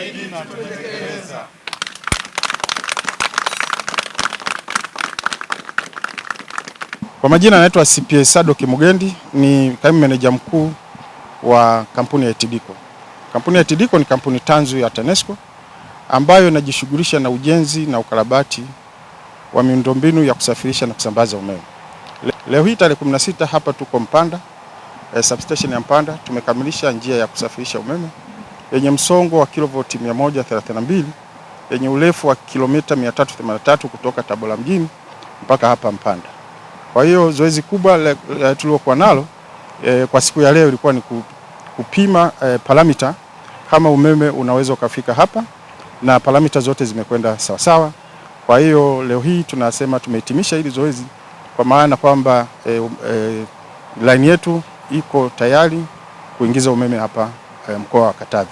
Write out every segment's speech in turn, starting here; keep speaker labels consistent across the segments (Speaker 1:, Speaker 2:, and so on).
Speaker 1: tumeahidi na tumetekeleza. Kwa majina anaitwa CPA Sado Kimugendi, ni kaimu meneja mkuu wa kampuni ya tidiko Kampuni ya tidiko ni kampuni tanzu ya TANESCO ambayo inajishughulisha na ujenzi na ukarabati wa miundombinu ya kusafirisha na kusambaza umeme. Leo hii tarehe 16 hapa tuko Mpanda, eh, substation ya Mpanda tumekamilisha njia ya kusafirisha umeme yenye msongo wa kilovoti 132 yenye urefu wa kilomita 383 kutoka Tabora mjini mpaka hapa Mpanda. Kwa hiyo zoezi kubwa tuliokuwa nalo e, kwa siku ya leo ilikuwa ni kupima e, paramita kama umeme unaweza ukafika hapa na paramita zote zimekwenda sawasawa. Kwa hiyo leo hii tunasema tumehitimisha hili zoezi kwa maana kwamba e, e, laini yetu iko tayari kuingiza umeme hapa e, mkoa wa Katavi.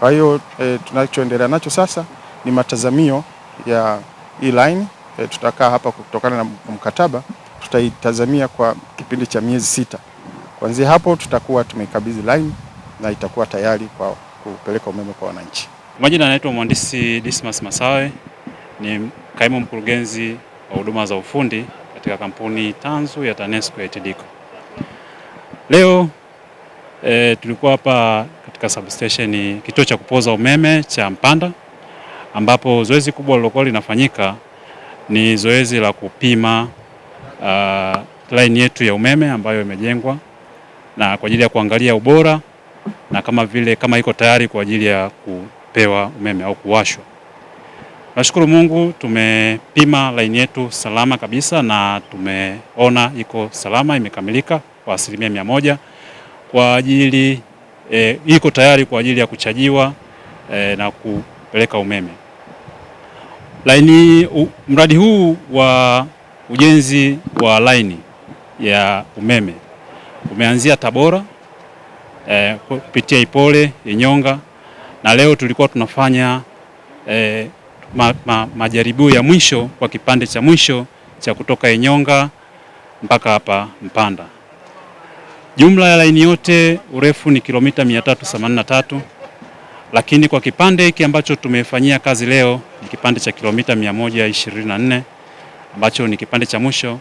Speaker 1: Kwa hiyo e, tunachoendelea nacho sasa ni matazamio ya hii line e, tutakaa hapa kutokana na mkataba, tutaitazamia kwa kipindi cha miezi sita. Kuanzia hapo tutakuwa tumeikabidhi line na itakuwa tayari kwa kupeleka umeme kwa wananchi.
Speaker 2: Majina anaitwa Mhandisi Dismas Masawe, ni kaimu mkurugenzi wa huduma za ufundi katika kampuni tanzu ya TANESCO ya Tidiko. Leo e, tulikuwa hapa katika substation ni kituo cha kupoza umeme cha Mpanda, ambapo zoezi kubwa lilokuwa linafanyika ni zoezi la kupima uh, line yetu ya umeme ambayo imejengwa na kwa ajili ya kuangalia ubora na kama vile kama iko tayari kwa ajili ya kupewa umeme au kuwashwa. Nashukuru Mungu tumepima line yetu salama kabisa na tumeona iko salama, imekamilika kwa asilimia mia moja kwa ajili e, iko tayari kwa ajili ya kuchajiwa e, na kupeleka umeme. Laini mradi huu wa ujenzi wa laini ya umeme umeanzia Tabora e, kupitia Ipole, Inyonga na leo tulikuwa tunafanya e, ma, ma, majaribio ya mwisho kwa kipande cha mwisho cha kutoka Inyonga mpaka hapa Mpanda. Jumla ya laini yote urefu ni kilomita 383, lakini kwa kipande hiki ambacho tumefanyia kazi leo ni kipande cha kilomita 124 ambacho ni kipande cha mwisho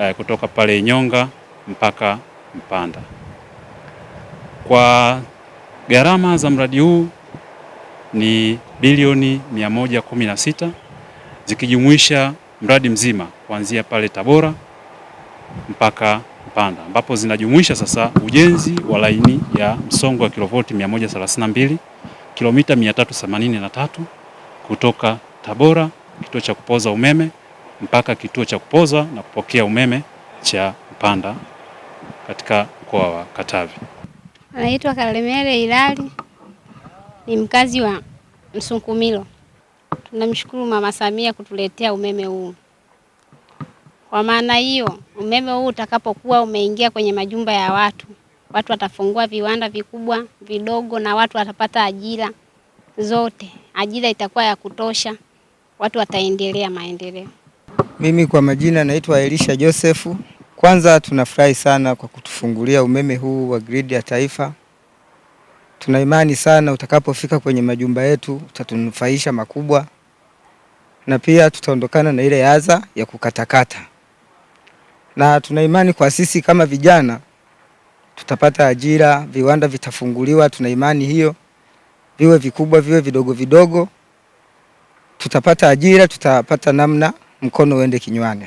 Speaker 2: eh, kutoka pale Inyonga mpaka Mpanda. Kwa gharama za mradi huu ni bilioni 116 zikijumuisha mradi mzima kuanzia pale Tabora mpaka Mpanda ambapo zinajumuisha sasa ujenzi wa laini ya msongo wa kilovoti 132 kilomita 383 kutoka Tabora kituo cha kupoza umeme mpaka kituo cha kupoza na kupokea umeme cha Mpanda katika mkoa wa Katavi.
Speaker 3: Anaitwa Kalemele ilali ni mkazi wa Msunkumilo. Tunamshukuru Mama Samia kutuletea umeme huu. Kwa maana hiyo, umeme huu utakapokuwa umeingia kwenye majumba ya watu, watu watafungua viwanda vikubwa, vidogo na watu watapata ajira zote. Ajira itakuwa ya kutosha, watu wataendelea maendeleo.
Speaker 4: Mimi kwa majina naitwa Elisha Josefu. Kwanza tunafurahi sana kwa kutufungulia umeme huu wa gridi ya taifa. Tuna imani sana utakapofika kwenye majumba yetu utatunufaisha makubwa, na pia tutaondokana na ile adha ya kukatakata na tuna imani kwa sisi kama vijana tutapata ajira, viwanda vitafunguliwa. Tuna imani hiyo, viwe vikubwa viwe vidogo vidogo, tutapata ajira, tutapata namna mkono uende kinywani.